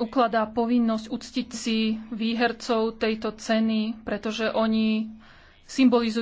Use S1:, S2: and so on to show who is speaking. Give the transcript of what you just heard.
S1: ukladá povinnosť uctiť si výhercov tejto ceny, pretože oni symbolizujú